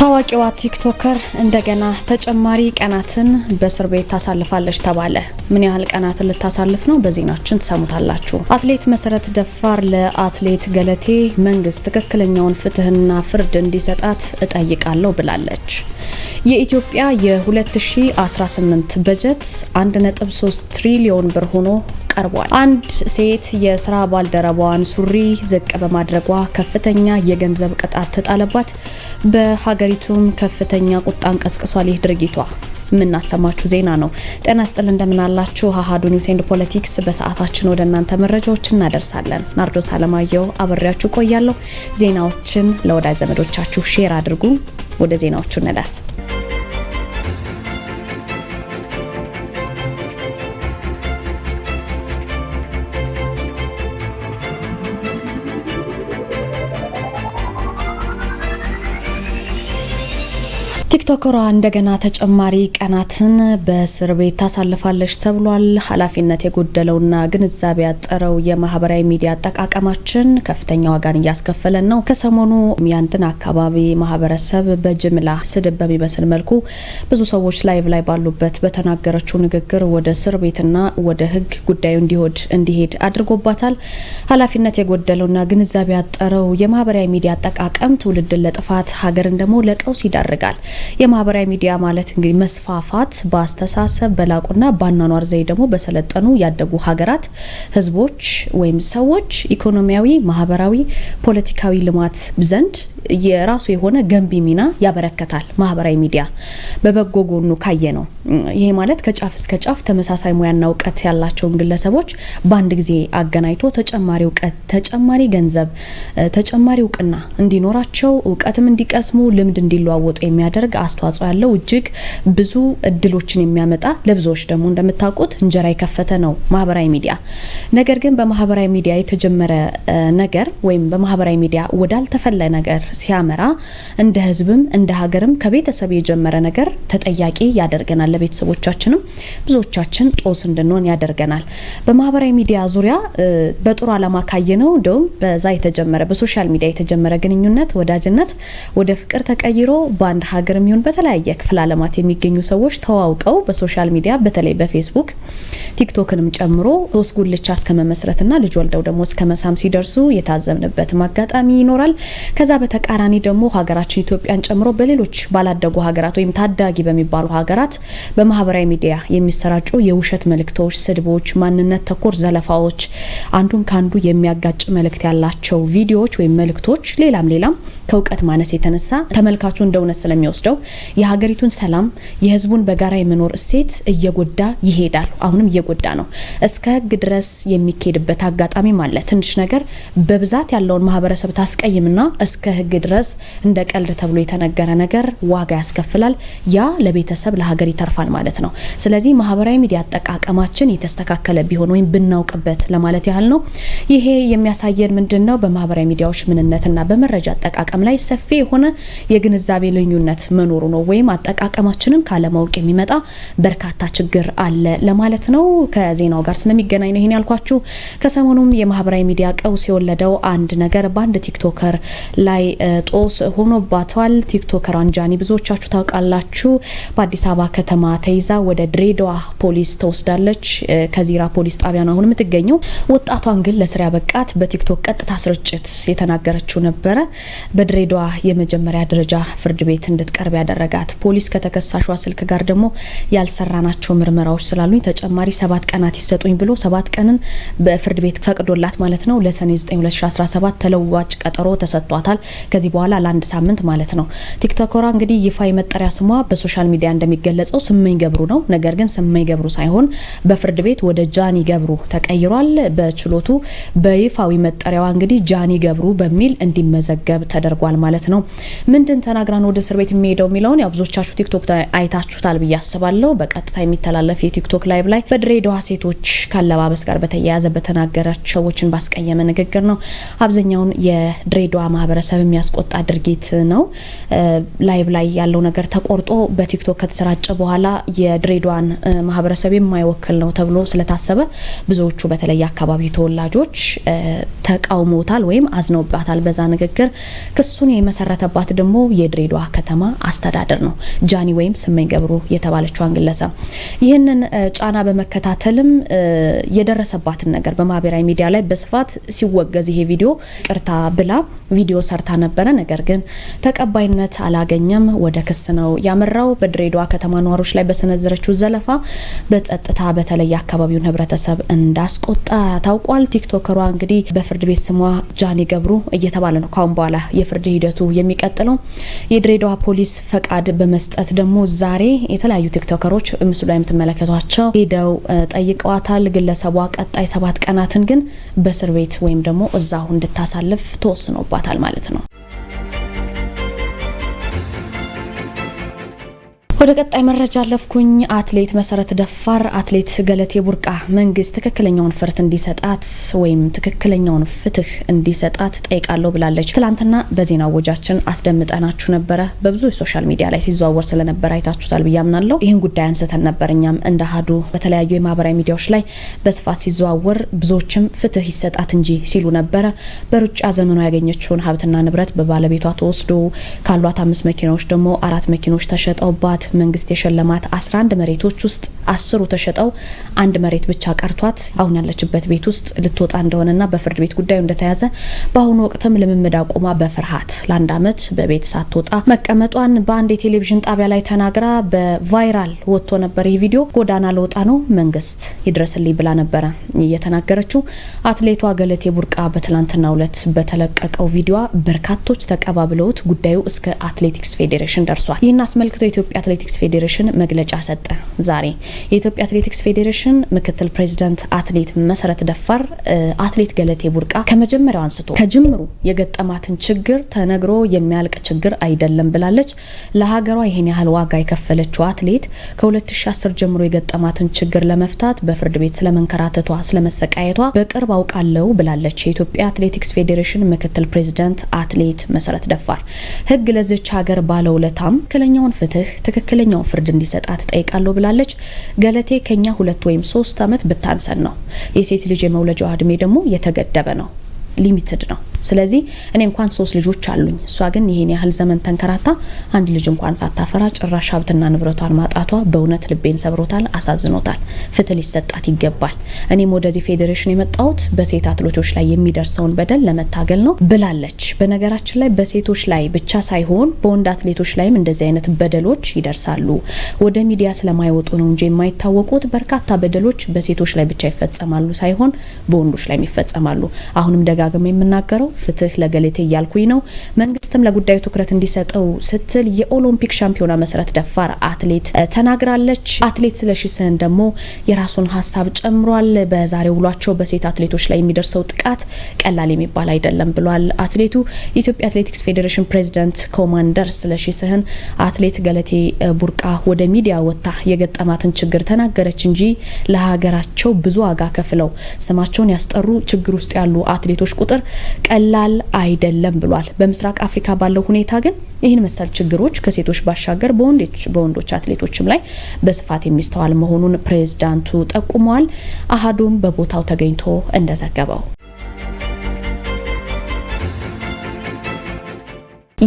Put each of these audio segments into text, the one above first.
ታዋቂዋ ቲክቶከር እንደገና ተጨማሪ ቀናትን በእስር ቤት ታሳልፋለች ተባለ። ምን ያህል ቀናትን ልታሳልፍ ነው? በዜናችን ትሰሙታላችሁ። አትሌት መሰረት ደፋር ለአትሌት ገለቴ መንግስት ትክክለኛውን ፍትህና ፍርድ እንዲሰጣት እጠይቃለሁ ብላለች። የኢትዮጵያ የ2018 በጀት 1.3 ትሪሊዮን ብር ሆኖ ቀርቧል። አንድ ሴት የስራ ባልደረባዋን ሱሪ ዝቅ በማድረጓ ከፍተኛ የገንዘብ ቅጣት ተጣለባት። በሀገሪቱም ከፍተኛ ቁጣን ቀስቅሷል ይህ ድርጊቷ። የምናሰማችሁ ዜና ነው። ጤና ስጥል እንደምናላችሁ። አሀዱ ኒውስ ኤንድ ፖለቲክስ በሰዓታችን ወደ እናንተ መረጃዎች እናደርሳለን። ናርዶስ አለማየሁ አበሬያችሁ ቆያለሁ። ዜናዎችን ለወዳጅ ዘመዶቻችሁ ሼር አድርጉ። ወደ ዜናዎቹ እንለፍ። ቲክቶከሯ እንደገና ተጨማሪ ቀናትን በእስር ቤት ታሳልፋለች ተብሏል። ኃላፊነት የጎደለውና ግንዛቤ ያጠረው የማህበራዊ ሚዲያ አጠቃቀማችን ከፍተኛ ዋጋን እያስከፈለን ነው። ከሰሞኑ የአንድን አካባቢ ማህበረሰብ በጅምላ ስድብ በሚመስል መልኩ ብዙ ሰዎች ላይቭ ላይ ባሉበት በተናገረችው ንግግር ወደ እስር ቤትና ወደ ህግ ጉዳዩ እንዲሆድ እንዲሄድ አድርጎባታል። ኃላፊነት የጎደለውና ግንዛቤ ያጠረው የማህበራዊ ሚዲያ አጠቃቀም ትውልድን ለጥፋት ሀገርን ደግሞ ለቀውስ ይዳርጋል። የማህበራዊ ሚዲያ ማለት እንግዲህ መስፋፋት በአስተሳሰብ በላቁና በአኗኗር ዘይ ደግሞ በሰለጠኑ ያደጉ ሀገራት ህዝቦች ወይም ሰዎች ኢኮኖሚያዊ፣ ማህበራዊ፣ ፖለቲካዊ ልማት ዘንድ የራሱ የሆነ ገንቢ ሚና ያበረከታል። ማህበራዊ ሚዲያ በበጎ ጎኑ ካየ ነው። ይሄ ማለት ከጫፍ እስከ ጫፍ ተመሳሳይ ሙያና እውቀት ያላቸውን ግለሰቦች በአንድ ጊዜ አገናኝቶ ተጨማሪ እውቀት፣ ተጨማሪ ገንዘብ፣ ተጨማሪ እውቅና እንዲኖራቸው እውቀትም እንዲቀስሙ ልምድ እንዲለዋወጡ የሚያደርግ አስተዋጽኦ ያለው እጅግ ብዙ እድሎችን የሚያመጣ ለብዙዎች ደግሞ እንደምታውቁት እንጀራ የከፈተ ነው ማህበራዊ ሚዲያ። ነገር ግን በማህበራዊ ሚዲያ የተጀመረ ነገር ወይም በማህበራዊ ሚዲያ ወዳልተፈለ ነገር ሲያመራ እንደ ህዝብም እንደ ሀገርም ከቤተሰብ የጀመረ ነገር ተጠያቂ ያደርገናል። ለቤተሰቦቻችንም ብዙዎቻችን ጦስ እንድንሆን ያደርገናል። በማህበራዊ ሚዲያ ዙሪያ በጥሩ አላማ ካየ ነው እንደውም በዛ የተጀመረ በሶሻል ሚዲያ የተጀመረ ግንኙነት ወዳጅነት ወደ ፍቅር ተቀይሮ በአንድ ሀገር የሚሆን በተለያየ ክፍለ ዓለማት የሚገኙ ሰዎች ተዋውቀው በሶሻል ሚዲያ በተለይ በፌስቡክ ቲክቶክንም ጨምሮ ሶስት ጉልቻ እስከ መመስረትና ልጅ ወልደው ደግሞ እስከ መሳም ሲደርሱ የታዘብንበትም አጋጣሚ ይኖራል። ከዛ በተቃ በተቃራኒ ደግሞ ሀገራችን ኢትዮጵያን ጨምሮ በሌሎች ባላደጉ ሀገራት ወይም ታዳጊ በሚባሉ ሀገራት በማህበራዊ ሚዲያ የሚሰራጩ የውሸት መልእክቶች፣ ስድቦች፣ ማንነት ተኮር ዘለፋዎች፣ አንዱን ከአንዱ የሚያጋጭ መልእክት ያላቸው ቪዲዮዎች ወይም መልእክቶች፣ ሌላም ሌላም ከእውቀት ማነስ የተነሳ ተመልካቹ እንደ እውነት ስለሚወስደው የሀገሪቱን ሰላም የህዝቡን በጋራ የመኖር እሴት እየጎዳ ይሄዳል። አሁንም እየጎዳ ነው። እስከ ህግ ድረስ የሚካሄድበት አጋጣሚም አለ። ትንሽ ነገር በብዛት ያለውን ማህበረሰብ ታስቀይምና እስከ ህግ ጥግ ድረስ እንደ ቀልድ ተብሎ የተነገረ ነገር ዋጋ ያስከፍላል። ያ ለቤተሰብ ለሀገር ይተርፋል ማለት ነው። ስለዚህ ማህበራዊ ሚዲያ አጠቃቀማችን የተስተካከለ ቢሆን ወይም ብናውቅበት ለማለት ያህል ነው። ይሄ የሚያሳየን ምንድን ነው? በማህበራዊ ሚዲያዎች ምንነትና በመረጃ አጠቃቀም ላይ ሰፊ የሆነ የግንዛቤ ልዩነት መኖሩ ነው። ወይም አጠቃቀማችንን ካለማወቅ የሚመጣ በርካታ ችግር አለ ለማለት ነው። ከዜናው ጋር ስለሚገናኝ ነው ይሄን ያልኳችሁ። ከሰሞኑም የማህበራዊ ሚዲያ ቀውስ የወለደው አንድ ነገር በአንድ ቲክቶከር ላይ ጦስ ሆኖባቷል ቲክቶከር አንጃኒ ብዙዎቻችሁ ታውቃላችሁ። በአዲስ አበባ ከተማ ተይዛ ወደ ድሬዳዋ ፖሊስ ተወስዳለች። ከዚራ ፖሊስ ጣቢያ ነው አሁን የምትገኘው። ወጣቷን ግን ለስር ያበቃት በቲክቶክ ቀጥታ ስርጭት የተናገረችው ነበረ። በድሬዳዋ የመጀመሪያ ደረጃ ፍርድ ቤት እንድትቀርብ ያደረጋት ፖሊስ ከተከሳሿ ስልክ ጋር ደግሞ ያልሰራናቸው ምርመራዎች ስላሉኝ ተጨማሪ ሰባት ቀናት ይሰጡኝ ብሎ ሰባት ቀንን በፍርድ ቤት ፈቅዶላት ማለት ነው ለሰኔ 9 2017 ተለዋጭ ቀጠሮ ተሰጥቷታል። ከዚህ በኋላ ለአንድ ሳምንት ማለት ነው። ቲክቶከሯ እንግዲህ ይፋ የመጠሪያ ስሟ በሶሻል ሚዲያ እንደሚገለጸው ስመኝ ገብሩ ነው። ነገር ግን ስመኝ ገብሩ ሳይሆን በፍርድ ቤት ወደ ጃኒ ገብሩ ተቀይሯል። በችሎቱ በይፋዊ መጠሪያዋ እንግዲህ ጃኒ ገብሩ በሚል እንዲመዘገብ ተደርጓል ማለት ነው። ምንድን ተናግራን ወደ እስር ቤት የሚሄደው የሚለውን ያው ብዙዎቻችሁ ቲክቶክ አይታችሁታል ብዬ አስባለሁ። በቀጥታ የሚተላለፍ የቲክቶክ ላይቭ ላይ በድሬዳዋ ሴቶች ካለባበስ ጋር በተያያዘ በተናገረ ሰዎችን ባስቀየመ ንግግር ነው አብዛኛውን የድሬዳዋ ማህበረሰብ የሚያስቆጣ ድርጊት ነው። ላይቭ ላይ ያለው ነገር ተቆርጦ በቲክቶክ ከተሰራጨ በኋላ የድሬዳዋን ማህበረሰብ የማይወክል ነው ተብሎ ስለታሰበ ብዙዎቹ በተለይ አካባቢ ተወላጆች ተቃውሞታል ወይም አዝነውባታል በዛ ንግግር። ክሱን የመሰረተባት ደግሞ የድሬዳዋ ከተማ አስተዳደር ነው። ጃኒ ወይም ስመኝ ገብሩ የተባለችዋን ግለሰብ ይህንን ጫና በመከታተልም የደረሰባትን ነገር በማህበራዊ ሚዲያ ላይ በስፋት ሲወገዝ ይሄ ቪዲዮ ቅርታ ብላ ቪዲዮ ሰርታ ነበረ። ነገር ግን ተቀባይነት አላገኘም። ወደ ክስ ነው ያመራው። በድሬዳዋ ከተማ ነዋሪዎች ላይ በሰነዘረችው ዘለፋ በጸጥታ በተለይ አካባቢውን ህብረተሰብ እንዳስቆጣ ታውቋል። ቲክቶከሯ እንግዲህ በፍርድ ቤት ስሟ ጃኒ ገብሩ እየተባለ ነው ካሁን በኋላ የፍርድ ሂደቱ የሚቀጥለው። የድሬዳዋ ፖሊስ ፈቃድ በመስጠት ደግሞ ዛሬ የተለያዩ ቲክቶከሮች ምስሉ ላይ የምትመለከቷቸው ሄደው ጠይቀዋታል። ግለሰቧ ቀጣይ ሰባት ቀናትን ግን በእስር ቤት ወይም ደግሞ እዛሁ እንድታሳልፍ ተወስኖባታል ማለት ነው። ወደ ቀጣይ መረጃ አለፍኩኝ። አትሌት መሰረት ደፋር አትሌት ገለቴ ቡርቃ መንግስት ትክክለኛውን ፍርት እንዲሰጣት ወይም ትክክለኛውን ፍትህ እንዲሰጣት ጠይቃለሁ ብላለች። ትላንትና በዜና ወጃችን አስደምጠናችሁ ነበረ። በብዙ የሶሻል ሚዲያ ላይ ሲዘዋወር ስለነበረ አይታችሁታል ብዬ አምናለሁ። ይህን ጉዳይ አንስተን ነበር። እኛም እንደ አሀዱ በተለያዩ የማህበራዊ ሚዲያዎች ላይ በስፋት ሲዘዋወር ብዙዎችም ፍትህ ይሰጣት እንጂ ሲሉ ነበረ። በሩጫ ዘመኗ ያገኘችውን ሀብትና ንብረት በባለቤቷ ተወስዶ ካሏት አምስት መኪናዎች ደግሞ አራት መኪናዎች ተሸጠውባት መንግስት የሸለማት 11 መሬቶች ውስጥ አስሩ ተሸጠው አንድ መሬት ብቻ ቀርቷት አሁን ያለችበት ቤት ውስጥ ልትወጣ እንደሆነና በፍርድ ቤት ጉዳዩ እንደተያዘ በአሁኑ ወቅትም ልምምድ አቁማ በፍርሃት ለአንድ ዓመት በቤት ሳትወጣ መቀመጧን በአንድ የቴሌቪዥን ጣቢያ ላይ ተናግራ በቫይራል ወጥቶ ነበር። ይህ ቪዲዮ ጎዳና ለወጣ ነው መንግስት ይድረስልኝ ብላ ነበረ እየተናገረችው። አትሌቷ ገለቴ ቡርቃ በትላንትናው ዕለት በተለቀቀው ቪዲዮ በርካቶች ተቀባብለውት ጉዳዩ እስከ አትሌቲክስ ፌዴሬሽን ደርሷል። ይህን አስመልክቶ የኢትዮጵያ አትሌቲክስ ፌዴሬሽን መግለጫ ሰጠ። ዛሬ የኢትዮጵያ አትሌቲክስ ፌዴሬሽን ምክትል ፕሬዚደንት አትሌት መሰረት ደፋር አትሌት ገለቴ ቡርቃ ከመጀመሪያው አንስቶ ከጅምሩ የገጠማትን ችግር ተነግሮ የሚያልቅ ችግር አይደለም ብላለች። ለሀገሯ ይህን ያህል ዋጋ የከፈለችው አትሌት ከ2010 ጀምሮ የገጠማትን ችግር ለመፍታት በፍርድ ቤት ስለመንከራተቷ፣ ስለመሰቃየቷ በቅርብ አውቃለሁ ብላለች። የኢትዮጵያ አትሌቲክስ ፌዴሬሽን ምክትል ፕሬዚደንት አትሌት መሰረት ደፋር ህግ ለዚች ሀገር ባለውለታም ትክክለኛውን ፍትህ ትክክል ትክክለኛውን ፍርድ እንዲሰጣት ጠይቃለሁ ብላለች። ገለቴ ከኛ ሁለት ወይም ሶስት አመት ብታንሰን ነው። የሴት ልጅ የመውለጃዋ እድሜ ደግሞ የተገደበ ነው። ሊሚትድ ነው። ስለዚህ እኔ እንኳን ሶስት ልጆች አሉኝ። እሷ ግን ይሄን ያህል ዘመን ተንከራታ አንድ ልጅ እንኳን ሳታፈራ ጭራሽ ሀብትና ንብረቷን ማጣቷ በእውነት ልቤን ሰብሮታል፣ አሳዝኖታል። ፍትህ ሊሰጣት ይገባል። እኔም ወደዚህ ፌዴሬሽን የመጣሁት በሴት አትሌቶች ላይ የሚደርሰውን በደል ለመታገል ነው ብላለች። በነገራችን ላይ በሴቶች ላይ ብቻ ሳይሆን በወንድ አትሌቶች ላይም እንደዚህ አይነት በደሎች ይደርሳሉ። ወደ ሚዲያ ስለማይወጡ ነው እንጂ የማይታወቁት በርካታ በደሎች በሴቶች ላይ ብቻ ይፈጸማሉ ሳይሆን በወንዶች ላይም ይፈጸማሉ። አሁንም ደጋ ደጋግሜ የምናገረው ፍትህ ለገሌቴ እያልኩኝ ነው። መንግስትም ለጉዳዩ ትኩረት እንዲሰጠው ስትል የኦሎምፒክ ሻምፒዮና መሰረት ደፋር አትሌት ተናግራለች። አትሌት ስለሺ ስህን ደግሞ የራሱን ሀሳብ ጨምሯል። በዛሬው ውሏቸው በሴት አትሌቶች ላይ የሚደርሰው ጥቃት ቀላል የሚባል አይደለም ብሏል። አትሌቱ የኢትዮጵያ አትሌቲክስ ፌዴሬሽን ፕሬዚደንት ኮማንደር ስለሺ ስህን አትሌት ገለቴ ቡርቃ ወደ ሚዲያ ወጥታ የገጠማትን ችግር ተናገረች እንጂ ለሀገራቸው ብዙ ዋጋ ከፍለው ስማቸውን ያስጠሩ ችግር ውስጥ ያሉ አትሌቶች ቁጥር ቀላል አይደለም ብሏል። በምስራቅ አፍሪካ ባለው ሁኔታ ግን ይህን መሰል ችግሮች ከሴቶች ባሻገር በወንዶች አትሌቶችም ላይ በስፋት የሚስተዋል መሆኑን ፕሬዝዳንቱ ጠቁመዋል። አሀዱም በቦታው ተገኝቶ እንደዘገበው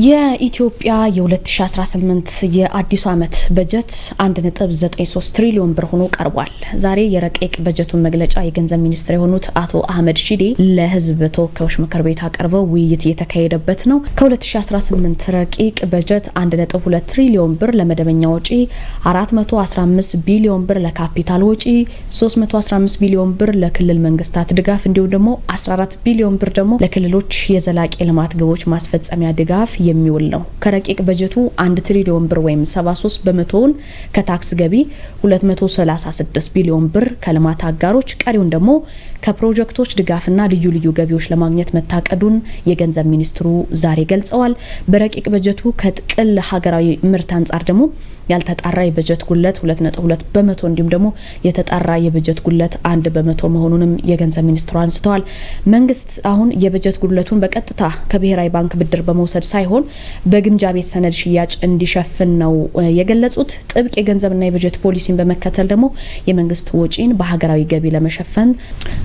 የኢትዮጵያ የ2018 የአዲሱ ዓመት በጀት 1.93 ትሪሊዮን ብር ሆኖ ቀርቧል። ዛሬ የረቂቅ በጀቱን መግለጫ የገንዘብ ሚኒስትር የሆኑት አቶ አህመድ ሺዴ ለሕዝብ ተወካዮች ምክር ቤት አቅርበው ውይይት እየተካሄደበት ነው። ከ2018 ረቂቅ በጀት 1.2 ትሪሊዮን ብር ለመደበኛ ወጪ፣ 415 ቢሊዮን ብር ለካፒታል ወጪ፣ 315 ቢሊዮን ብር ለክልል መንግስታት ድጋፍ እንዲሁም ደግሞ 14 ቢሊዮን ብር ደግሞ ለክልሎች የዘላቂ ልማት ግቦች ማስፈጸሚያ ድጋፍ የሚውል ነው። ከረቂቅ በጀቱ 1 ትሪሊዮን ብር ወይም 73 በመቶውን ከታክስ ገቢ፣ 236 ቢሊዮን ብር ከልማት አጋሮች፣ ቀሪውን ደግሞ ከፕሮጀክቶች ድጋፍና ልዩ ልዩ ገቢዎች ለማግኘት መታቀዱን የገንዘብ ሚኒስትሩ ዛሬ ገልጸዋል። በረቂቅ በጀቱ ከጥቅል ሀገራዊ ምርት አንጻር ደግሞ ያልተጣራ የበጀት ጉለት 2.2 በመቶ እንዲሁም ደግሞ የተጣራ የበጀት ጉለት አንድ በመቶ መሆኑንም የገንዘብ ሚኒስትሩ አንስተዋል። መንግስት አሁን የበጀት ጉለቱን በቀጥታ ከብሔራዊ ባንክ ብድር በመውሰድ ሳይሆን ሳይሆን በግምጃ ቤት ሰነድ ሽያጭ እንዲሸፍን ነው የገለጹት። ጥብቅ የገንዘብና የበጀት ፖሊሲን በመከተል ደግሞ የመንግስት ወጪን በሀገራዊ ገቢ ለመሸፈን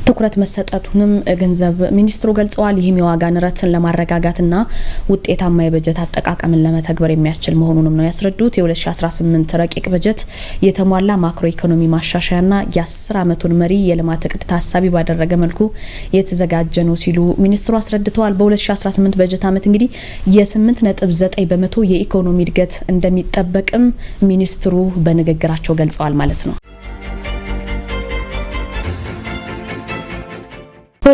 ትኩረት መሰጠቱንም ገንዘብ ሚኒስትሩ ገልጸዋል። ይህም የዋጋ ንረትን ለማረጋጋትና ውጤታማ የበጀት አጠቃቀምን ለመተግበር የሚያስችል መሆኑንም ነው ያስረዱት። የ2018 ረቂቅ በጀት የተሟላ ማክሮ ኢኮኖሚ ማሻሻያና የ10 ዓመቱን መሪ የልማት እቅድ ታሳቢ ባደረገ መልኩ የተዘጋጀ ነው ሲሉ ሚኒስትሩ አስረድተዋል። በ2018 በጀት ዓመት እንግዲህ የ8.9 በመቶ የኢኮኖሚ እድገት እንደሚጠበቅም ሚኒስትሩ በንግግራቸው ገልጸዋል ማለት ነው።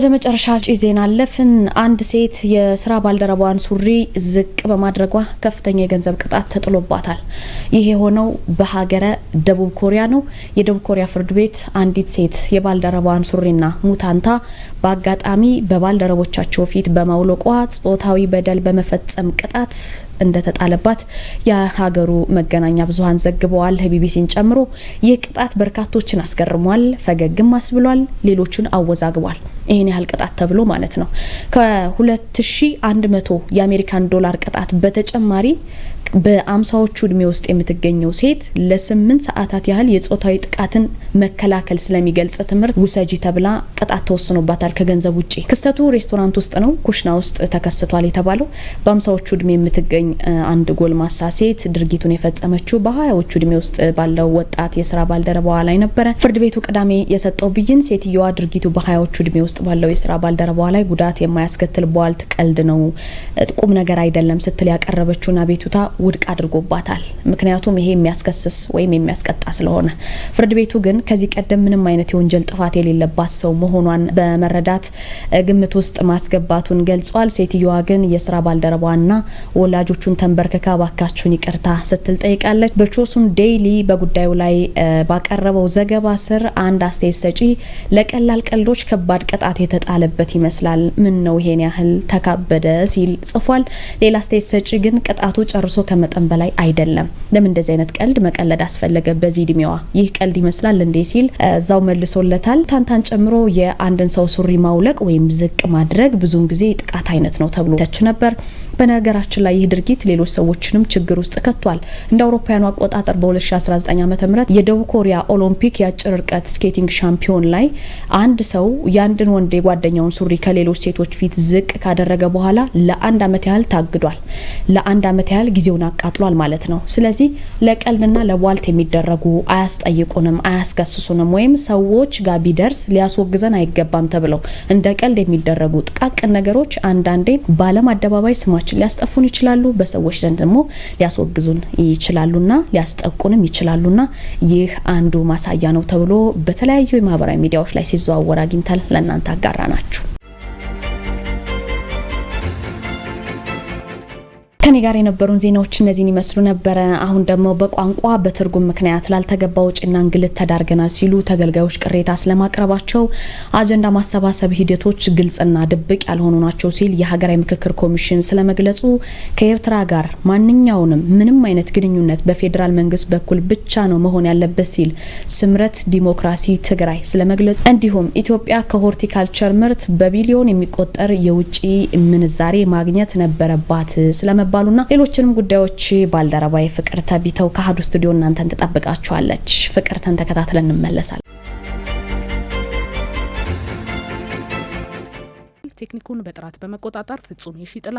ወደ መጨረሻ ጭ ዜና አለፍን። አንድ ሴት የስራ ባልደረባዋን ሱሪ ዝቅ በማድረጓ ከፍተኛ የገንዘብ ቅጣት ተጥሎባታል። ይህ የሆነው በሀገረ ደቡብ ኮሪያ ነው። የደቡብ ኮሪያ ፍርድ ቤት አንዲት ሴት የባልደረባዋን ሱሪና ሙታንታ በአጋጣሚ በባልደረቦቻቸው ፊት በማውለቋ ጾታዊ በደል በመፈጸም ቅጣት እንደተጣለባት የሀገሩ መገናኛ ብዙሀን ዘግበዋል። ቢቢሲን ጨምሮ ይህ ቅጣት በርካቶችን አስገርሟል፣ ፈገግም አስብሏል፣ ሌሎቹን አወዛግቧል። ይህን ያህል ቅጣት ተብሎ ማለት ነው። ከ2100 የአሜሪካን ዶላር ቅጣት በተጨማሪ በአምሳዎቹ እድሜ ውስጥ የምትገኘው ሴት ለስምንት ሰዓታት ያህል የጾታዊ ጥቃትን መከላከል ስለሚገልጽ ትምህርት ውሰጂ ተብላ ቅጣት ተወስኖባታል ከገንዘብ ውጭ። ክስተቱ ሬስቶራንት ውስጥ ነው፣ ኩሽና ውስጥ ተከስቷል የተባለው በአምሳዎቹ እድሜ የምትገኝ አንድ ጎልማሳ ሴት ድርጊቱን የፈጸመችው በሀያዎቹ እድሜ ውስጥ ባለው ወጣት የስራ ባልደረባዋ ላይ ነበረ። ፍርድ ቤቱ ቅዳሜ የሰጠው ብይን ሴትየዋ ድርጊቱ በሀያዎቹ እድሜ ውስጥ ባለው የስራ ባልደረባዋ ላይ ጉዳት የማያስከትል በዋልት ቀልድ ነው፣ ቁም ነገር አይደለም ስትል ያቀረበችውን አቤቱታ ውድቅ አድርጎባታል። ምክንያቱም ይሄ የሚያስከስስ ወይም የሚያስቀጣ ስለሆነ ፍርድ ቤቱ ግን ከዚህ ቀደም ምንም አይነት የወንጀል ጥፋት የሌለባት ሰው መሆኗን በመረዳት ግምት ውስጥ ማስገባቱን ገልጿል። ሴትየዋ ግን የስራ ባልደረባዋና ወላጆች እግሮቹን ተንበርክካ ባካችሁን ይቅርታ ስትል ጠይቃለች። በቾሱን ዴይሊ በጉዳዩ ላይ ባቀረበው ዘገባ ስር አንድ አስተያየት ሰጪ ለቀላል ቀልዶች ከባድ ቅጣት የተጣለበት ይመስላል፣ ምን ነው ይሄን ያህል ተካበደ ሲል ጽፏል። ሌላ አስተያየት ሰጪ ግን ቅጣቱ ጨርሶ ከመጠን በላይ አይደለም፣ ለምን እንደዚህ አይነት ቀልድ መቀለድ አስፈለገ በዚህ እድሜዋ ይህ ቀልድ ይመስላል እንዴ ሲል እዛው መልሶለታል። ታንታን ጨምሮ የአንድን ሰው ሱሪ ማውለቅ ወይም ዝቅ ማድረግ ብዙውን ጊዜ ጥቃት አይነት ነው ተብሎ ተች ነበር። በነገራችን ላይ ይህ ድርጊት ሌሎች ሰዎችንም ችግር ውስጥ ከቷል። እንደ አውሮፓውያኑ አቆጣጠር በ2019 ዓ ም የደቡብ ኮሪያ ኦሎምፒክ የአጭር ርቀት ስኬቲንግ ሻምፒዮን ላይ አንድ ሰው የአንድን ወንድ የጓደኛውን ሱሪ ከሌሎች ሴቶች ፊት ዝቅ ካደረገ በኋላ ለአንድ ዓመት ያህል ታግዷል። ለአንድ ዓመት ያህል ጊዜውን አቃጥሏል ማለት ነው። ስለዚህ ለቀልድና ለቧልት የሚደረጉ አያስጠይቁንም፣ አያስከስሱንም ወይም ሰዎች ጋር ቢደርስ ሊያስወግዘን አይገባም ተብለው እንደ ቀልድ የሚደረጉ ጥቃቅን ነገሮች አንዳንዴ በዓለም አደባባይ ስማቸው ነገሮችን ሊያስጠፉን ይችላሉ፣ በሰዎች ዘንድ ደግሞ ሊያስወግዙን ይችላሉና ሊያስጠቁንም ይችላሉና ይህ አንዱ ማሳያ ነው ተብሎ በተለያዩ የማህበራዊ ሚዲያዎች ላይ ሲዘዋወር አግኝተን ለእናንተ አጋራ ናችሁ። ከኔ ጋር የነበሩን ዜናዎች እነዚህን ይመስሉ ነበረ። አሁን ደግሞ በቋንቋ በትርጉም ምክንያት ላልተገባ ውጭና እንግልት ተዳርገናል ሲሉ ተገልጋዮች ቅሬታ ስለማቅረባቸው አጀንዳ ማሰባሰብ ሂደቶች ግልጽና ድብቅ ያልሆኑ ናቸው ሲል የሀገራዊ ምክክር ኮሚሽን ስለመግለጹ ከኤርትራ ጋር ማንኛውንም ምንም አይነት ግንኙነት በፌዴራል መንግስት በኩል ብቻ ነው መሆን ያለበት ሲል ስምረት ዲሞክራሲ ትግራይ ስለመግለጹ እንዲሁም ኢትዮጵያ ከሆርቲካልቸር ምርት በቢሊዮን የሚቆጠር የውጭ ምንዛሬ ማግኘት ነበረባት ስለመባሉ ይሆናሉና ሌሎችንም ጉዳዮች ባልደረባዬ ፍቅር ተቢተው ከአሀዱ ስቱዲዮ እናንተን ትጠብቃችኋለች። ፍቅርተን ተከታትለን እንመለሳለን። ቴክኒኩን በጥራት በመቆጣጠር ፍጹም የሺጥላ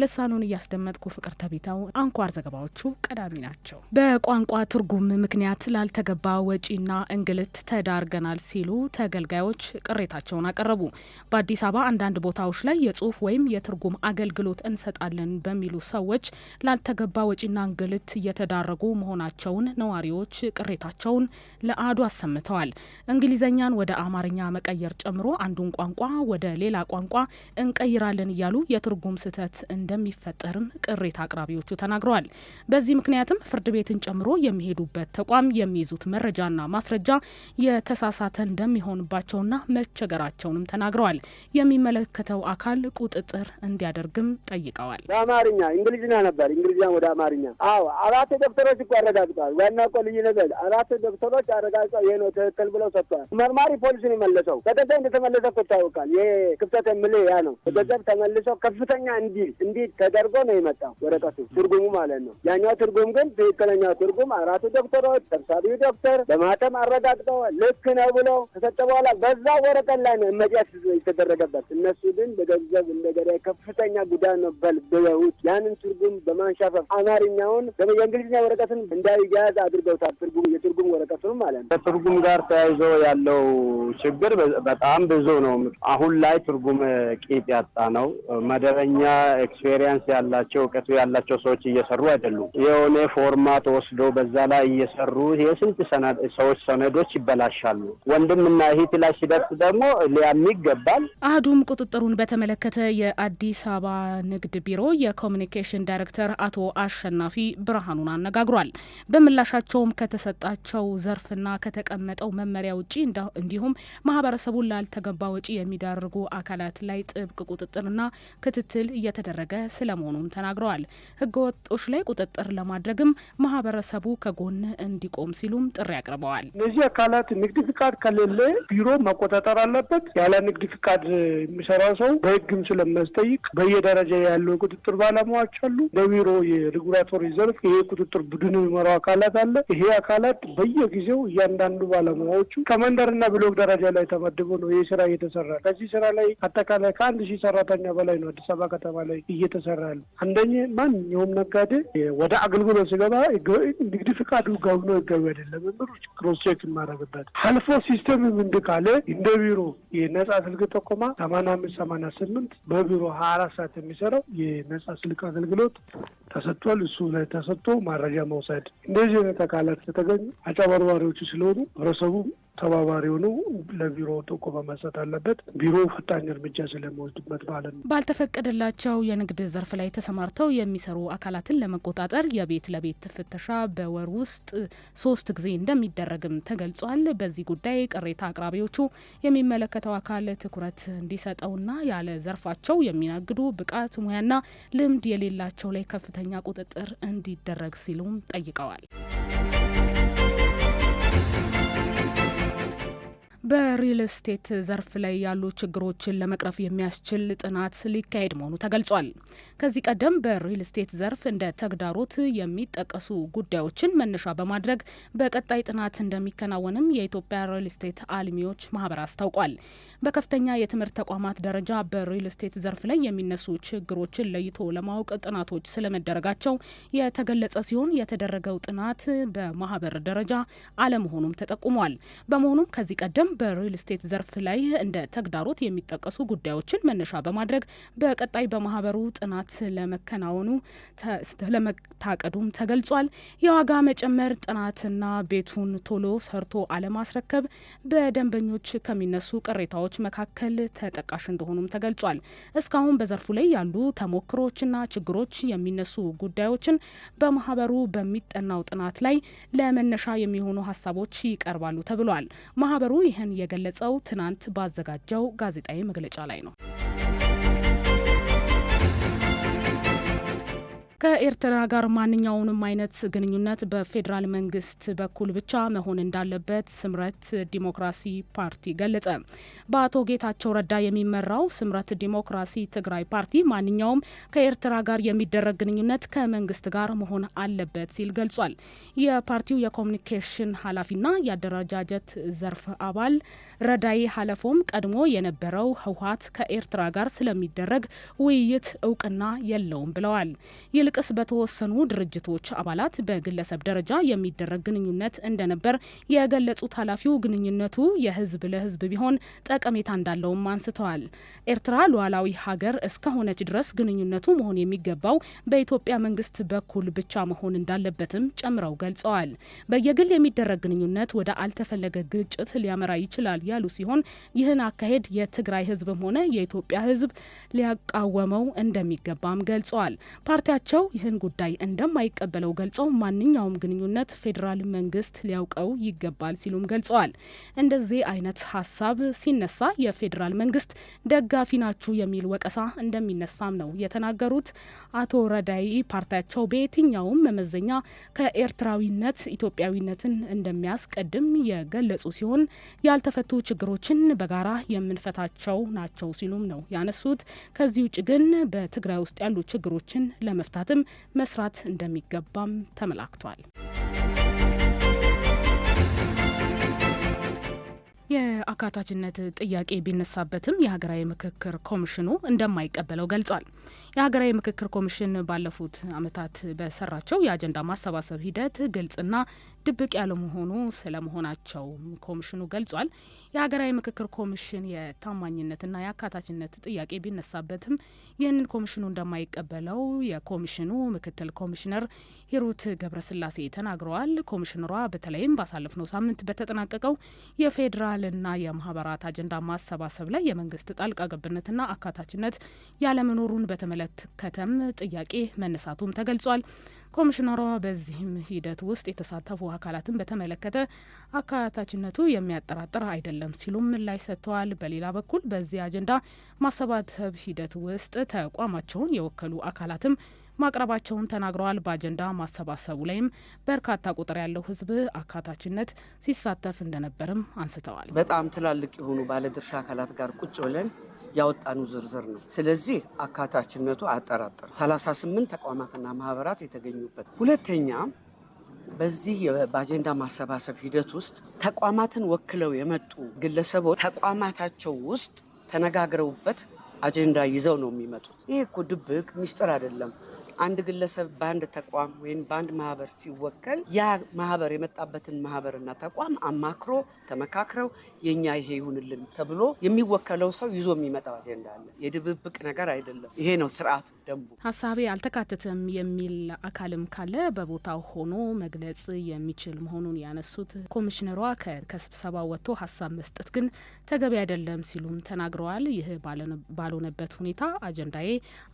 ልሳኑን እያስደመጥኩ ፍቅር ተቢታው አንኳር ዘገባዎቹ ቀዳሚ ናቸው። በቋንቋ ትርጉም ምክንያት ላልተገባ ወጪና እንግልት ተዳርገናል ሲሉ ተገልጋዮች ቅሬታቸውን አቀረቡ። በአዲስ አበባ አንዳንድ ቦታዎች ላይ የጽሁፍ ወይም የትርጉም አገልግሎት እንሰጣለን በሚሉ ሰዎች ላልተገባ ወጪና እንግልት እየተዳረጉ መሆናቸውን ነዋሪዎች ቅሬታቸውን ለአዱ አሰምተዋል። እንግሊዘኛን ወደ አማርኛ መቀየር ጨምሮ አንዱን ቋንቋ ወደ ሌላ ቋንቋ ቋንቋ እንቀይራለን እያሉ የትርጉም ስህተት እንደሚፈጠርም ቅሬታ አቅራቢዎቹ ተናግረዋል። በዚህ ምክንያትም ፍርድ ቤትን ጨምሮ የሚሄዱበት ተቋም የሚይዙት መረጃና ማስረጃ የተሳሳተ እንደሚሆንባቸውና መቸገራቸውንም ተናግረዋል። የሚመለከተው አካል ቁጥጥር እንዲያደርግም ጠይቀዋል። በአማርኛ እንግሊዝኛ ነበር፣ እንግሊዝኛ ወደ አማርኛ። አዎ አራት ዶክተሮች እኮ አረጋግጠዋል። ዋና እኮ ልዩ ነገር አራት ዶክተሮች አረጋግጠው ይህ ነው ትክክል ብለው ሰጥተዋል። መርማሪ ፖሊስን የመለሰው ከገዛ እንደተመለሰ እኮ ይታወቃል። ይሄ ክፍተት ምን ያ ነው በገንዘብ ተመልሶ ከፍተኛ እንዲል እንዲል ተደርጎ ነው የመጣው ወረቀቱ ትርጉሙ ማለት ነው። ያኛው ትርጉም ግን ትክክለኛው ትርጉም አራቱ ዶክተሮች ሰብሳቢው ዶክተር በማተም አረጋግጠው ልክ ነው ብለው ከሰጠ በኋላ በዛ ወረቀት ላይ ነው እመጃት የተደረገበት። እነሱ ግን በገንዘብ እንደገዳ ከፍተኛ ጉዳ ነው በል ብለውት ያንን ትርጉም በማንሻፈፍ አማርኛውን የእንግሊዝኛ ወረቀትን እንዳይያዝ አድርገውታል። ትርጉም የትርጉም ወረቀቱን ማለት ነው። ከትርጉም ጋር ተያይዞ ያለው ችግር በጣም ብዙ ነው። አሁን ላይ ትርጉም ቂጥ ያጣ ነው። መደበኛ ኤክስፔሪየንስ ያላቸው እውቀቱ ያላቸው ሰዎች እየሰሩ አይደሉም። የሆነ ፎርማት ወስዶ በዛ ላይ እየሰሩ የስንት ሰዎች ሰነዶች ይበላሻሉ። ወንድምና እህት ላይ ሲደርስ ደግሞ ሊያም ይገባል። አህዱም ቁጥጥሩን በተመለከተ የአዲስ አበባ ንግድ ቢሮ የኮሚኒኬሽን ዳይሬክተር አቶ አሸናፊ ብርሃኑን አነጋግሯል። በምላሻቸውም ከተሰጣቸው ዘርፍና ከተቀመጠው መመሪያ ውጪ እንዲሁም ማህበረሰቡን ላልተገባ ወጪ የሚዳርጉ አካላት ላይ ጥብቅ ቁጥጥርና ክትትል እየተደረገ ስለመሆኑም ተናግረዋል። ህገወጦች ላይ ቁጥጥር ለማድረግም ማህበረሰቡ ከጎን እንዲቆም ሲሉም ጥሪ አቅርበዋል። እነዚህ አካላት ንግድ ፍቃድ ከሌለ ቢሮ መቆጣጠር አለበት። ያለ ንግድ ፍቃድ የሚሰራ ሰው በህግም ስለሚያስጠይቅ በየደረጃ ያለው ቁጥጥር ባለሙያዎች አሉ። ለቢሮ የሬጉላቶሪ ዘርፍ ይሄ ቁጥጥር ቡድን የሚመራው አካላት አለ። ይሄ አካላት በየጊዜው እያንዳንዱ ባለሙያዎቹ ከመንደርና ብሎክ ደረጃ ላይ ተመድቦ ነው ይህ ስራ እየተሰራ ከዚህ ስራ ላይ አጠቃላይ በአጠቃላይ ከአንድ ሺህ ሰራተኛ በላይ ነው አዲስ አበባ ከተማ ላይ እየተሰራ ያለ። አንደኛ ማንኛውም ነጋዴ ወደ አገልግሎት ሲገባ ንግድ ፍቃዱ ገብ ነው ይገቢ አይደለም ምሩ ክሮስ ቼክ የማደርግበት አልፎ ሲስተም ምንድ ካለ እንደ ቢሮ የነጻ ስልክ ጥቆማ ሰማንያ አምስት ሰማንያ ስምንት በቢሮ ሀያ አራት ሰዓት የሚሰራው የነጻ ስልክ አገልግሎት ተሰጥቷል። እሱ ላይ ተሰጥቶ ማረጃ መውሰድ እንደዚህ አይነት አካላት ከተገኙ አጨበርባሪዎቹ ስለሆኑ ህብረሰቡ ተባባሪ ሆኖ ለቢሮ ጥቆማ መስጠት አለበት። ቢሮ ፈጣን እርምጃ ስለሚወስድበት ማለት ነው። ባልተፈቀደላቸው የንግድ ዘርፍ ላይ ተሰማርተው የሚሰሩ አካላትን ለመቆጣጠር የቤት ለቤት ፍተሻ በወር ውስጥ ሶስት ጊዜ እንደሚደረግም ተገልጿል። በዚህ ጉዳይ ቅሬታ አቅራቢዎቹ የሚመለከተው አካል ትኩረት እንዲሰጠውና ያለ ዘርፋቸው የሚናግዱ ብቃት ሙያና ልምድ የሌላቸው ላይ ከፍተ ከፍተኛ ቁጥጥር እንዲደረግ ሲሉም ጠይቀዋል። በሪል ስቴት ዘርፍ ላይ ያሉ ችግሮችን ለመቅረፍ የሚያስችል ጥናት ሊካሄድ መሆኑ ተገልጿል። ከዚህ ቀደም በሪል ስቴት ዘርፍ እንደ ተግዳሮት የሚጠቀሱ ጉዳዮችን መነሻ በማድረግ በቀጣይ ጥናት እንደሚከናወንም የኢትዮጵያ ሪል ስቴት አልሚዎች ማህበር አስታውቋል። በከፍተኛ የትምህርት ተቋማት ደረጃ በሪል ስቴት ዘርፍ ላይ የሚነሱ ችግሮችን ለይቶ ለማወቅ ጥናቶች ስለመደረጋቸው የተገለጸ ሲሆን የተደረገው ጥናት በማህበር ደረጃ አለመሆኑም ተጠቁሟል። በመሆኑም ከዚህ ቀደም በሪል ስቴት ዘርፍ ላይ እንደ ተግዳሮት የሚጠቀሱ ጉዳዮችን መነሻ በማድረግ በቀጣይ በማህበሩ ጥናት ለመከናወኑ ለመታቀዱም ተገልጿል። የዋጋ መጨመር ጥናትና ቤቱን ቶሎ ሰርቶ አለማስረከብ በደንበኞች ከሚነሱ ቅሬታዎች መካከል ተጠቃሽ እንደሆኑም ተገልጿል። እስካሁን በዘርፉ ላይ ያሉ ተሞክሮችና ችግሮች የሚነሱ ጉዳዮችን በማህበሩ በሚጠናው ጥናት ላይ ለመነሻ የሚሆኑ ሀሳቦች ይቀርባሉ ተብሏል። ማህበሩ ይህን መሆኑን የገለጸው ትናንት ባዘጋጀው ጋዜጣዊ መግለጫ ላይ ነው። ከኤርትራ ጋር ማንኛውንም አይነት ግንኙነት በፌዴራል መንግስት በኩል ብቻ መሆን እንዳለበት ስምረት ዲሞክራሲ ፓርቲ ገለጸ። በአቶ ጌታቸው ረዳ የሚመራው ስምረት ዲሞክራሲ ትግራይ ፓርቲ ማንኛውም ከኤርትራ ጋር የሚደረግ ግንኙነት ከመንግስት ጋር መሆን አለበት ሲል ገልጿል። የፓርቲው የኮሚኒኬሽን ኃላፊና የአደረጃጀት ዘርፍ አባል ረዳይ ሀለፎም ቀድሞ የነበረው ህወሀት ከኤርትራ ጋር ስለሚደረግ ውይይት እውቅና የለውም ብለዋል። ይልቅስ በተወሰኑ ድርጅቶች አባላት በግለሰብ ደረጃ የሚደረግ ግንኙነት እንደነበር የገለጹት ኃላፊው ግንኙነቱ የህዝብ ለህዝብ ቢሆን ጠቀሜታ እንዳለውም አንስተዋል። ኤርትራ ሉዓላዊ ሀገር እስከሆነች ድረስ ግንኙነቱ መሆን የሚገባው በኢትዮጵያ መንግስት በኩል ብቻ መሆን እንዳለበትም ጨምረው ገልጸዋል። በየግል የሚደረግ ግንኙነት ወደ አልተፈለገ ግጭት ሊያመራ ይችላል ያሉ ሲሆን ይህን አካሄድ የትግራይ ህዝብም ሆነ የኢትዮጵያ ህዝብ ሊያቃወመው እንደሚገባም ገልጸዋል። ፓርቲያቸው ፓርቲያቸው ይህን ጉዳይ እንደማይቀበለው ገልጸው ማንኛውም ግንኙነት ፌዴራል መንግስት ሊያውቀው ይገባል ሲሉም ገልጸዋል። እንደዚህ አይነት ሀሳብ ሲነሳ የፌዴራል መንግስት ደጋፊ ናችሁ የሚል ወቀሳ እንደሚነሳም ነው የተናገሩት። አቶ ረዳይ ፓርቲያቸው በየትኛውም መመዘኛ ከኤርትራዊነት ኢትዮጵያዊነትን እንደሚያስቀድም የገለጹ ሲሆን ያልተፈቱ ችግሮችን በጋራ የምንፈታቸው ናቸው ሲሉም ነው ያነሱት። ከዚህ ውጭ ግን በትግራይ ውስጥ ያሉ ችግሮችን ለመፍታት ለማስፋትም መስራት እንደሚገባም ተመላክቷል። የአካታችነት ጥያቄ ቢነሳበትም የሀገራዊ ምክክር ኮሚሽኑ እንደማይቀበለው ገልጿል። የሀገራዊ ምክክር ኮሚሽን ባለፉት አመታት በሰራቸው የአጀንዳ ማሰባሰብ ሂደት ግልጽና ድብቅ ያለመሆኑ ስለመሆናቸው ኮሚሽኑ ገልጿል። የሀገራዊ ምክክር ኮሚሽን የታማኝነትና የአካታችነት ጥያቄ ቢነሳበትም ይህንን ኮሚሽኑ እንደማይቀበለው የኮሚሽኑ ምክትል ኮሚሽነር ሂሩት ገብረስላሴ ተናግረዋል። ኮሚሽነሯ በተለይም ባሳለፍነው ሳምንት በተጠናቀቀው የፌዴራልና የማህበራት አጀንዳ ማሰባሰብ ላይ የመንግስት ጣልቃ ገብነትና አካታችነት ያለመኖሩን በተመለ ከተም ጥያቄ መነሳቱም ተገልጿል። ኮሚሽነሯ በዚህም ሂደት ውስጥ የተሳተፉ አካላትን በተመለከተ አካታችነቱ የሚያጠራጥር አይደለም ሲሉም ምላሽ ሰጥተዋል። በሌላ በኩል በዚህ አጀንዳ ማሰባሰብ ሂደት ውስጥ ተቋማቸውን የወከሉ አካላትም ማቅረባቸውን ተናግረዋል። በአጀንዳ ማሰባሰቡ ላይም በርካታ ቁጥር ያለው ሕዝብ አካታችነት ሲሳተፍ እንደነበርም አንስተዋል። በጣም ትላልቅ የሆኑ ባለድርሻ አካላት ጋር ቁጭ ብለን ያወጣኑ ዝርዝር ነው። ስለዚህ አካታችነቱ አጠራጠር 38 ተቋማትና ማህበራት የተገኙበት። ሁለተኛ በዚህ በአጀንዳ ማሰባሰብ ሂደት ውስጥ ተቋማትን ወክለው የመጡ ግለሰቦች ተቋማታቸው ውስጥ ተነጋግረውበት አጀንዳ ይዘው ነው የሚመጡት። ይህ እኮ ድብቅ ሚስጥር አይደለም። አንድ ግለሰብ በአንድ ተቋም ወይም በአንድ ማህበር ሲወከል ያ ማህበር የመጣበትን ማህበርና ተቋም አማክሮ ተመካክረው የኛ ይሄ ይሁንልን ተብሎ የሚወከለው ሰው ይዞ የሚመጣው አጀንዳ አለ። የድብብቅ ነገር አይደለም። ይሄ ነው ስርዓቱ፣ ደንቡ። ሀሳቤ አልተካተተም የሚል አካልም ካለ በቦታው ሆኖ መግለጽ የሚችል መሆኑን ያነሱት ኮሚሽነሯ ከስብሰባ ወጥቶ ሀሳብ መስጠት ግን ተገቢ አይደለም ሲሉም ተናግረዋል። ይህ ባልሆነበት ሁኔታ አጀንዳዬ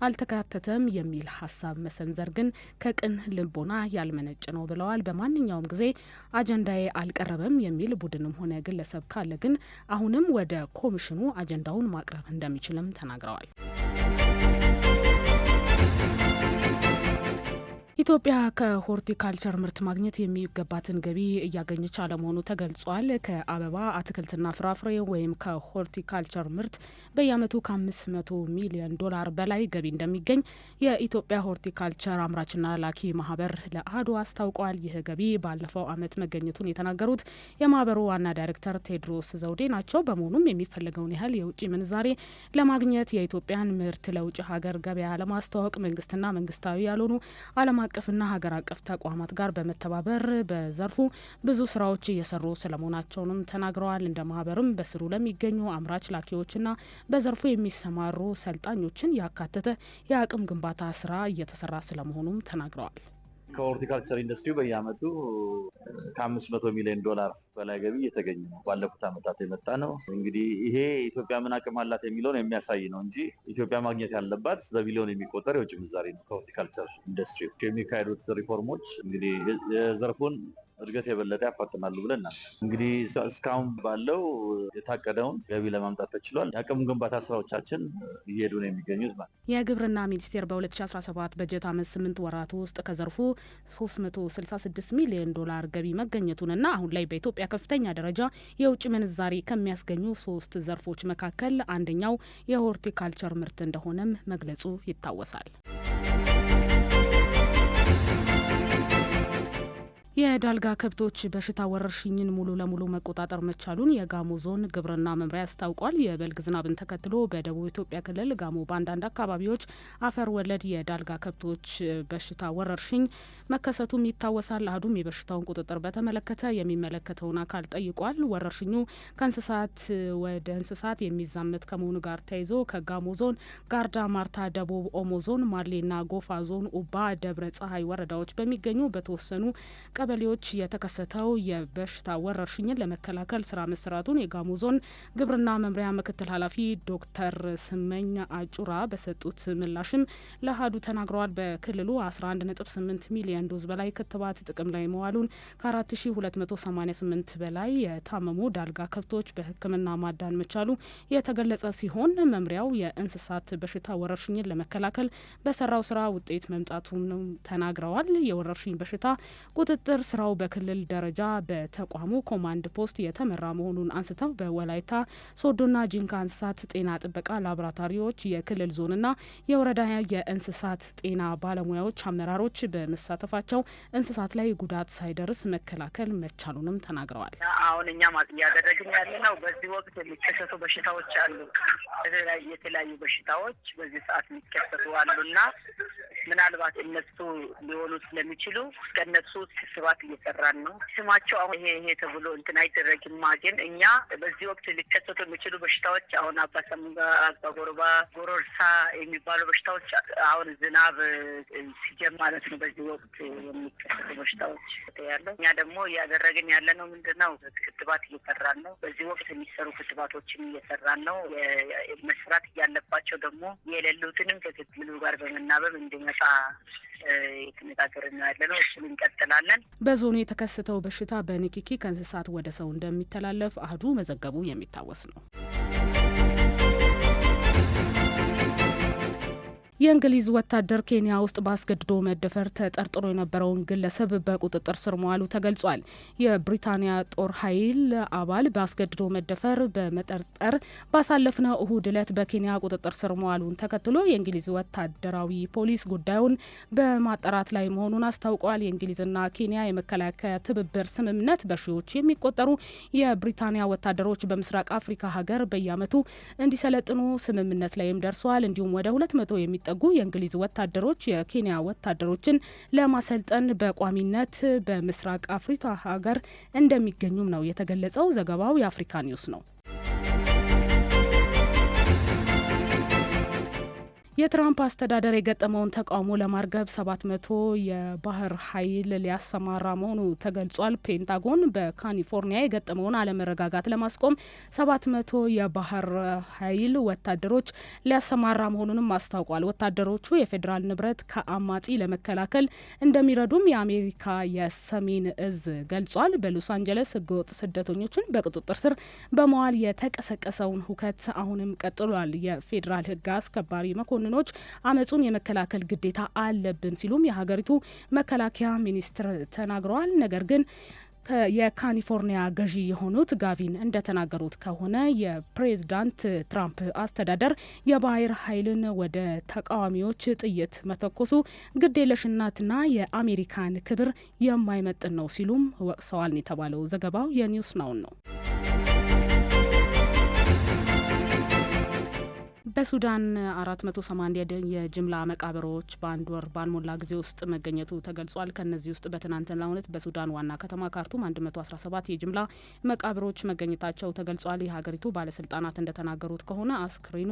አልተካተተም የሚል ሀሳብ መሰንዘር ግን ከቅን ልቦና ያልመነጭ ነው ብለዋል። በማንኛውም ጊዜ አጀንዳዬ አልቀረበም የሚል ቡድንም ሆነ ግለሰብ ካለ ግን አሁንም ወደ ኮሚሽኑ አጀንዳውን ማቅረብ እንደሚችልም ተናግረዋል። ኢትዮጵያ ከሆርቲካልቸር ምርት ማግኘት የሚገባትን ገቢ እያገኘች አለመሆኑ ተገልጿል። ከአበባ አትክልትና ፍራፍሬ ወይም ከሆርቲካልቸር ምርት በየዓመቱ ከ500 ሚሊዮን ዶላር በላይ ገቢ እንደሚገኝ የኢትዮጵያ ሆርቲካልቸር አምራችና ላኪ ማህበር ለአህዱ አስታውቋል። ይህ ገቢ ባለፈው ዓመት መገኘቱን የተናገሩት የማህበሩ ዋና ዳይሬክተር ቴድሮስ ዘውዴ ናቸው። በመሆኑም የሚፈለገውን ያህል የውጭ ምንዛሬ ለማግኘት የኢትዮጵያን ምርት ለውጭ ሀገር ገበያ ለማስተዋወቅ መንግስትና መንግስታዊ ያልሆኑ ዓለም አቀፍና ሀገር አቀፍ ተቋማት ጋር በመተባበር በዘርፉ ብዙ ስራዎች እየሰሩ ስለመሆናቸውንም ተናግረዋል። እንደ ማህበርም በስሩ ለሚገኙ አምራች ላኪዎችና በዘርፉ የሚሰማሩ ሰልጣኞችን ያካተተ የአቅም ግንባታ ስራ እየተሰራ ስለመሆኑም ተናግረዋል። ከሆርቲካልቸር ኢንዱስትሪው በየአመቱ ከአምስት መቶ ሚሊዮን ዶላር በላይ ገቢ እየተገኘ ነው። ባለፉት አመታት የመጣ ነው። እንግዲህ ይሄ ኢትዮጵያ ምን አቅም አላት የሚለውን የሚያሳይ ነው እንጂ ኢትዮጵያ ማግኘት ያለባት በቢሊዮን የሚቆጠር የውጭ ምንዛሪ ነው። ከሆርቲካልቸር ኢንዱስትሪ የሚካሄዱት ሪፎርሞች እንግዲህ ዘርፉን እድገት የበለጠ ያፋጥናሉ ብለን ና እንግዲህ እስካሁን ባለው የታቀደውን ገቢ ለማምጣት ተችሏል። የአቅም ግንባታ ስራዎቻችን እየሄዱ ነው የሚገኙት ማለት የግብርና ሚኒስቴር በ2017 በጀት ዓመት ስምንት ወራት ውስጥ ከዘርፉ 366 ሚሊዮን ዶላር ገቢ መገኘቱንና አሁን ላይ በኢትዮጵያ ከፍተኛ ደረጃ የውጭ ምንዛሪ ከሚያስገኙ ሶስት ዘርፎች መካከል አንደኛው የሆርቲካልቸር ምርት እንደሆነም መግለጹ ይታወሳል። የዳልጋ ከብቶች በሽታ ወረርሽኝን ሙሉ ለሙሉ መቆጣጠር መቻሉን የጋሞ ዞን ግብርና መምሪያ አስታውቋል። የበልግ ዝናብን ተከትሎ በደቡብ ኢትዮጵያ ክልል ጋሞ በአንዳንድ አካባቢዎች አፈር ወለድ የዳልጋ ከብቶች በሽታ ወረርሽኝ መከሰቱም ይታወሳል። አህዱም የበሽታውን ቁጥጥር በተመለከተ የሚመለከተውን አካል ጠይቋል። ወረርሽኙ ከእንስሳት ወደ እንስሳት የሚዛመት ከመሆኑ ጋር ተያይዞ ከጋሞ ዞን ጋርዳ፣ ማርታ፣ ደቡብ ኦሞ ዞን፣ ማሌና ጎፋ ዞን ኡባ፣ ደብረ ፀሐይ ወረዳዎች በሚገኙ በተወሰኑ ቀበሌዎች የተከሰተው የበሽታ ወረርሽኝን ለመከላከል ስራ መሰራቱን የጋሞ ዞን ግብርና መምሪያ ምክትል ኃላፊ ዶክተር ስመኝ አጩራ በሰጡት ምላሽም ለአሀዱ ተናግረዋል። በክልሉ 11.8 ሚሊዮን ዶዝ በላይ ክትባት ጥቅም ላይ መዋሉን ከ4288 በላይ የታመሙ ዳልጋ ከብቶች በሕክምና ማዳን መቻሉ የተገለጸ ሲሆን መምሪያው የእንስሳት በሽታ ወረርሽኝን ለመከላከል በሰራው ስራ ውጤት መምጣቱም ተናግረዋል። የወረርሽኝ በሽታ ቁጥጥር የቁጥጥር ስራው በክልል ደረጃ በተቋሙ ኮማንድ ፖስት የተመራ መሆኑን አንስተው በወላይታ ሶዶና ጂንካ እንስሳት ጤና ጥበቃ ላብራቶሪዎች የክልል ዞንና የወረዳ የእንስሳት ጤና ባለሙያዎች አመራሮች በመሳተፋቸው እንስሳት ላይ ጉዳት ሳይደርስ መከላከል መቻሉንም ተናግረዋል። አሁን እኛ እያደረግን ያለ ነው። በዚህ ወቅት የሚከሰቱ በሽታዎች አሉ። የተለያዩ በሽታዎች በዚህ ሰዓት የሚከሰቱ አሉና ምናልባት እነሱ ሊሆኑ ስለሚችሉ ከእነሱ ክትባት እየሰራን ነው። ስማቸው አሁን ይሄ ይሄ ተብሎ እንትን አይደረግማ፣ ግን እኛ በዚህ ወቅት ሊከሰቱ የሚችሉ በሽታዎች አሁን አባሰምጋ፣ አባጎርባ፣ ጎሮርሳ የሚባሉ በሽታዎች አሁን ዝናብ ሲጀም ማለት ነው በዚህ ወቅት የሚከሰቱ በሽታዎች ያለው እኛ ደግሞ እያደረግን ያለ ነው ምንድን ነው ክትባት እየሰራን ነው። በዚህ ወቅት የሚሰሩ ክትባቶችን እየሰራን ነው። መስራት እያለባቸው ደግሞ የሌሉትንም ከክትሉ ጋር በመናበብ እንዲመጣ የተነጋገርን ያለ ነው። እሱን እንቀጥላለን። በዞኑ የተከሰተው በሽታ በንክኪ ከእንስሳት ወደ ሰው እንደሚተላለፍ አህዱ መዘገቡ የሚታወስ ነው። የእንግሊዝ ወታደር ኬንያ ውስጥ በአስገድዶ መደፈር ተጠርጥሮ የነበረውን ግለሰብ በቁጥጥር ስር መዋሉ ተገልጿል። የብሪታንያ ጦር ኃይል አባል በአስገድዶ መደፈር በመጠርጠር ባሳለፍነው እሁድ ዕለት በኬንያ ቁጥጥር ስር መዋሉን ተከትሎ የእንግሊዝ ወታደራዊ ፖሊስ ጉዳዩን በማጣራት ላይ መሆኑን አስታውቋል። የእንግሊዝና ኬንያ የመከላከያ ትብብር ስምምነት በሺዎች የሚቆጠሩ የብሪታንያ ወታደሮች በምስራቅ አፍሪካ ሀገር በየዓመቱ እንዲሰለጥኑ ስምምነት ላይም ደርሰዋል። እንዲሁም ወደ ሁለት መቶ የሚ የሚጠጉ የእንግሊዝ ወታደሮች የኬንያ ወታደሮችን ለማሰልጠን በቋሚነት በምስራቅ አፍሪካ ሀገር እንደሚገኙም ነው የተገለጸው። ዘገባው የአፍሪካ ኒውስ ነው። የትራምፕ አስተዳደር የገጠመውን ተቃውሞ ለማርገብ ሰባት መቶ የባህር ኃይል ሊያሰማራ መሆኑ ተገልጿል። ፔንታጎን በካሊፎርኒያ የገጠመውን አለመረጋጋት ለማስቆም ሰባት መቶ የባህር ኃይል ወታደሮች ሊያሰማራ መሆኑንም አስታውቋል። ወታደሮቹ የፌዴራል ንብረት ከአማጺ ለመከላከል እንደሚረዱም የአሜሪካ የሰሜን እዝ ገልጿል። በሎስ አንጀለስ ህገወጥ ስደተኞችን በቁጥጥር ስር በመዋል የተቀሰቀሰውን ሁከት አሁንም ቀጥሏል። የፌዴራል ህግ አስከባሪ መኮንን መኮንኖች አመፁን የመከላከል ግዴታ አለብን ሲሉም የሀገሪቱ መከላከያ ሚኒስትር ተናግረዋል። ነገር ግን የካሊፎርኒያ ገዢ የሆኑት ጋቪን እንደተናገሩት ከሆነ የፕሬዝዳንት ትራምፕ አስተዳደር የባህር ኃይልን ወደ ተቃዋሚዎች ጥይት መተኮሱ ግዴለሽነትና የአሜሪካን ክብር የማይመጥን ነው ሲሉም ወቅሰዋል። የተባለው ዘገባው የኒውስ ናውን ነው። በሱዳን 480 የጅምላ መቃብሮች በአንድ ወር ባልሞላ ጊዜ ውስጥ መገኘቱ ተገልጿል። ከእነዚህ ውስጥ በትናንትናው ዕለት በሱዳን ዋና ከተማ ካርቱም 117 የጅምላ መቃብሮች መገኘታቸው ተገልጿል። የሀገሪቱ ባለስልጣናት እንደተናገሩት ከሆነ አስክሬኑ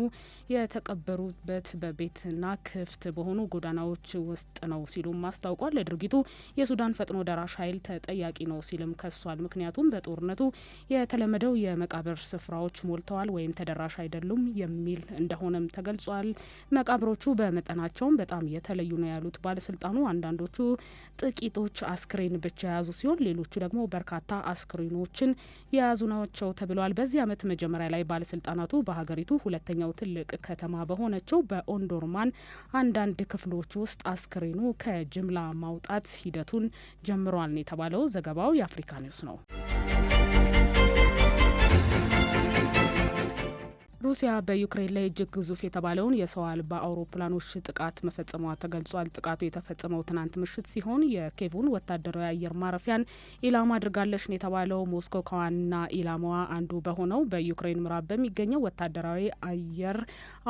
የተቀበሩበት በቤትና ክፍት በሆኑ ጎዳናዎች ውስጥ ነው ሲሉም አስታውቋል። ለድርጊቱ የሱዳን ፈጥኖ ደራሽ ኃይል ተጠያቂ ነው ሲልም ከሷል። ምክንያቱም በጦርነቱ የተለመደው የመቃብር ስፍራዎች ሞልተዋል ወይም ተደራሽ አይደሉም የሚል እንደ እንደሆነም ተገልጿል። መቃብሮቹ በመጠናቸውም በጣም የተለዩ ነው ያሉት ባለስልጣኑ አንዳንዶቹ ጥቂቶች አስክሬን ብቻ የያዙ ሲሆን፣ ሌሎቹ ደግሞ በርካታ አስክሬኖችን የያዙ ናቸው ተብለዋል። በዚህ ዓመት መጀመሪያ ላይ ባለስልጣናቱ በሀገሪቱ ሁለተኛው ትልቅ ከተማ በሆነችው በኦንዶርማን አንዳንድ ክፍሎች ውስጥ አስክሬኑ ከጅምላ ማውጣት ሂደቱን ጀምሯል ነው የተባለው። ዘገባው የአፍሪካ ኒውስ ነው። ሩሲያ በዩክሬን ላይ እጅግ ግዙፍ የተባለውን የሰው አልባ አውሮፕላኖች ጥቃት መፈጸሟ ተገልጿል። ጥቃቱ የተፈጸመው ትናንት ምሽት ሲሆን የኬቡን ወታደራዊ አየር ማረፊያን ኢላማ አድርጋለች ነው የተባለው። ሞስኮ ከዋና ኢላማዋ አንዱ በሆነው በዩክሬን ምዕራብ በሚገኘው ወታደራዊ አየር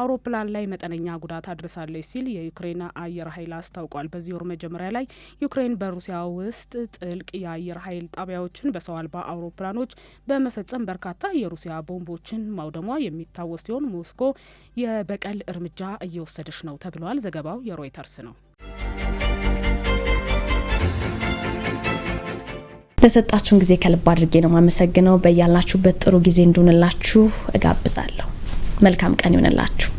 አውሮፕላን ላይ መጠነኛ ጉዳት አድርሳለች ሲል የዩክሬን አየር ኃይል አስታውቋል። በዚህ ወር መጀመሪያ ላይ ዩክሬን በሩሲያ ውስጥ ጥልቅ የአየር ኃይል ጣቢያዎችን በሰው አልባ አውሮፕላኖች በመፈጸም በርካታ የሩሲያ ቦምቦችን ማውደሟ የሚታ የሚታወስ ሲሆን ሞስኮ የበቀል እርምጃ እየወሰደች ነው ተብሏል ዘገባው የሮይተርስ ነው። ለሰጣችሁን ጊዜ ከልብ አድርጌ ነው የማመሰግነው። በያላችሁበት ጥሩ ጊዜ እንዲሆንላችሁ እጋብዛለሁ። መልካም ቀን ይሆንላችሁ።